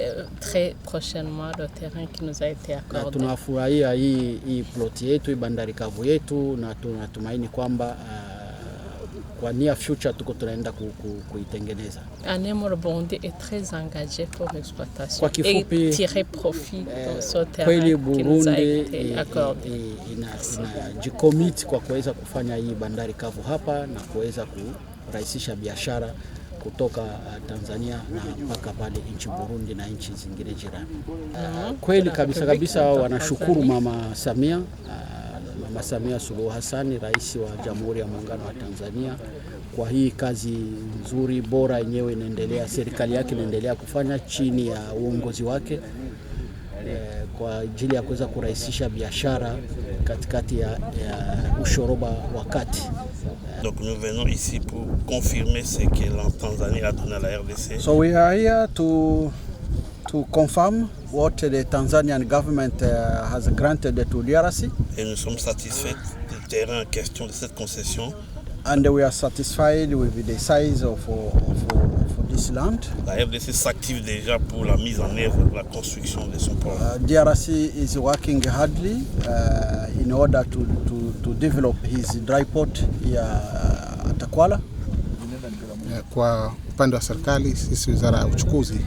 Euh, très prochainement le terrain qui nous a été accordé. Tunafurahia hii, hii ploti yetu hii bandari kavu yetu, na tunatumaini kwamba uh, kwa nia future tuko tunaenda kuitengeneza. ANEM Rubonde est très engagé pour l'exploitation kwa kifupi, tirer profit eh, de ce terrain qui nous a été accordé. Inajikomiti kwa kuweza kufanya hii bandari kavu hapa na kuweza kurahisisha biashara kutoka uh, Tanzania na mpaka pale nchi Burundi na nchi zingine jirani. Uh, mhm. kweli kabisa kabisa wanashukuru Mama Samia uh, Mama Samia Suluhu Hassan, rais wa Jamhuri ya Muungano wa Tanzania kwa hii kazi nzuri bora yenyewe inaendelea, serikali yake inaendelea kufanya chini ya uongozi wake uh, kwa ajili ya kuweza kurahisisha biashara katikati ya, ya ushoroba wa kati. Euh, donc nous venons ici pour confirmer ce que la Tanzanie a donné à la RDC. So we are here to to confirm what the Tanzanian government uh, has granted to DRC. Et nous sommes satisfaits du terrain en question de cette concession. And we are satisfied with the size of, of Island. La RDC s'active déjà pour la mise en œuvre la construction de son port. Uh, DRC is working hardly uh, in order to, to, to develop his dry port here uh, at Takwala. Eh, kwa upande wa serikali, sisi wizara ya uchukuzi,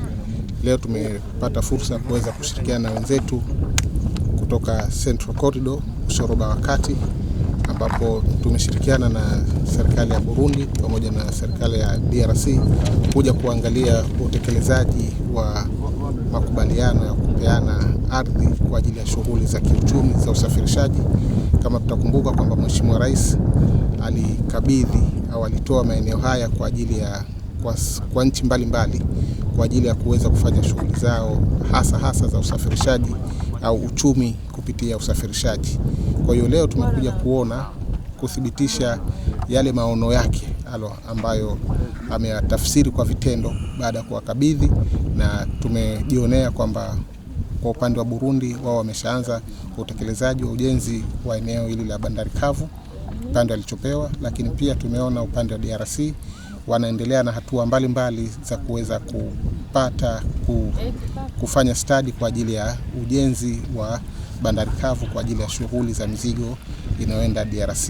leo tumepata fursa kuweza kushirikiana na wenzetu kutoka Central Corridor, ushoroba wa kati ambapo tumeshirikiana na serikali ya Burundi pamoja na serikali ya DRC kuja kuangalia utekelezaji wa makubaliano ya kupeana ardhi kwa ajili ya shughuli za kiuchumi za usafirishaji. Kama tutakumbuka kwamba Mheshimiwa Rais alikabidhi au alitoa maeneo haya kwa ajili ya kwa, kwa nchi mbalimbali mbali, kwa ajili ya kuweza kufanya shughuli zao hasa hasa za usafirishaji au uchumi kupitia usafirishaji. Kwa hiyo leo tumekuja kuona kuthibitisha yale maono yake alo ambayo ameyatafsiri kwa vitendo baada ya kuwakabidhi, na tumejionea kwamba kwa upande wa Burundi wao wameshaanza utekelezaji wa ujenzi wa eneo hili la bandari kavu upande alichopewa lakini pia tumeona upande wa DRC wanaendelea na hatua mbalimbali mbali za kuweza kupata ku, kufanya stadi kwa ajili ya ujenzi wa bandari kavu kwa ajili ya shughuli za mizigo inayoenda DRC.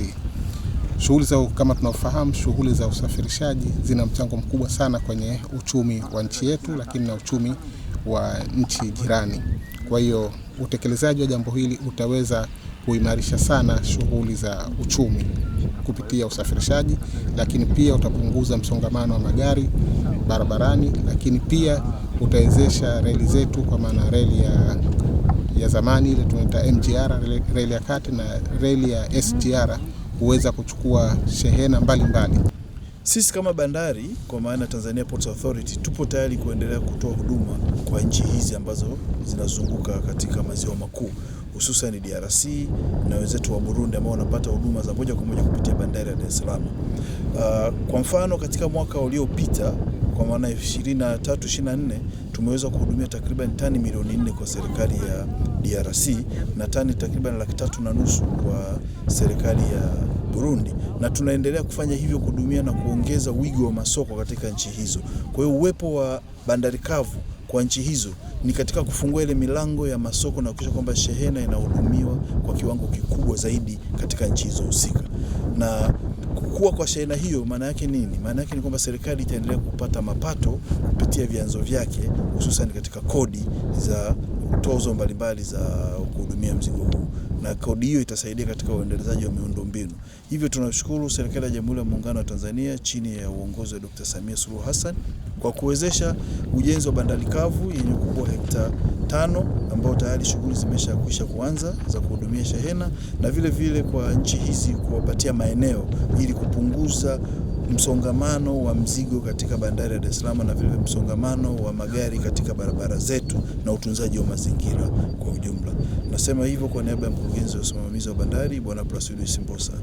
Shughuli za kama tunaofahamu, shughuli za usafirishaji zina mchango mkubwa sana kwenye uchumi wa nchi yetu, lakini na uchumi wa nchi jirani. Kwa hiyo utekelezaji wa jambo hili utaweza kuimarisha sana shughuli za uchumi kupitia usafirishaji, lakini pia utapunguza msongamano wa magari barabarani, lakini pia utawezesha reli zetu kwa maana reli ya, ya zamani ile tunaita MGR, reli ya kati na reli ya SGR huweza kuchukua shehena mbalimbali mbali. Sisi kama bandari kwa maana Tanzania Ports Authority tupo tayari kuendelea kutoa huduma kwa nchi hizi ambazo zinazunguka katika maziwa makuu hususan DRC na wenzetu wa Burundi ambao wanapata huduma za moja kwa moja kupitia bandari ya Dar es Salaam. Uh, kwa mfano katika mwaka uliopita kwa maana 23 24 tumeweza kuhudumia takriban tani milioni nne kwa serikali ya DRC na tani takriban laki tatu na nusu kwa serikali ya Burundi na tunaendelea kufanya hivyo kudumia na kuongeza wigo wa masoko katika nchi hizo. Kwa hiyo uwepo wa bandari kavu kwa nchi hizo ni katika kufungua ile milango ya masoko na kuhakikisha kwamba shehena inahudumiwa kwa kiwango kikubwa zaidi katika nchi hizo husika. Na kukua kwa shehena hiyo maana yake nini? Maana yake ni kwamba serikali itaendelea kupata mapato kupitia vyanzo vyake, hususan katika kodi za tozo mbalimbali za kuhudumia mzigo huu na kodi hiyo itasaidia katika uendelezaji wa miundombinu. Hivyo tunashukuru serikali ya Jamhuri ya Muungano wa Tanzania chini ya uongozi wa Dr. Samia Suluhu Hassan kwa kuwezesha ujenzi wa bandari kavu yenye ukubwa hekta tano ambao tayari shughuli zimeshakwisha kuanza za kuhudumia shehena na vile vile kwa nchi hizi kuwapatia maeneo ili kupunguza msongamano wa mzigo katika bandari ya Dar es Salaam na vile msongamano wa magari katika barabara zetu na utunzaji wa mazingira kwa ujumla. Nasema hivyo kwa niaba ya mkurugenzi wa usimamizi wa bandari Bwana Placido Simbosa.